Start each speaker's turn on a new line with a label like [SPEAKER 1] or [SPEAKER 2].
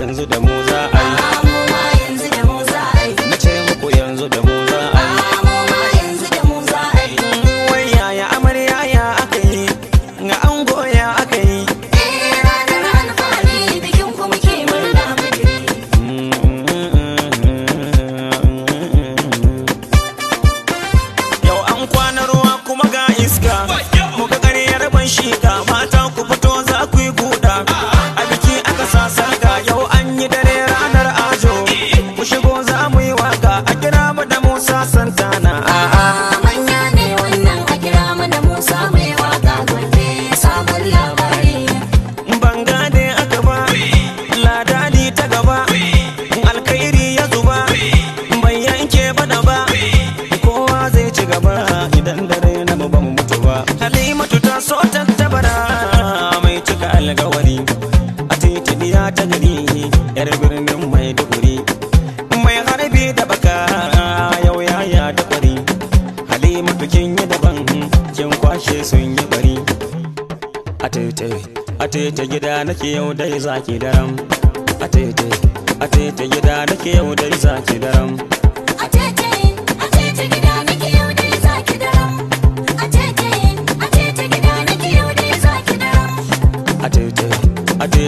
[SPEAKER 1] yanzu da mu za a yi ta gari yar birnin mai duguri mai harbi da baka yau yaya da kwari halima bikin yi daban kin kwashe sun yi bari a tete a tete gida nake yau dai zaki daram a tete a tete gida nake yau dai zaki daram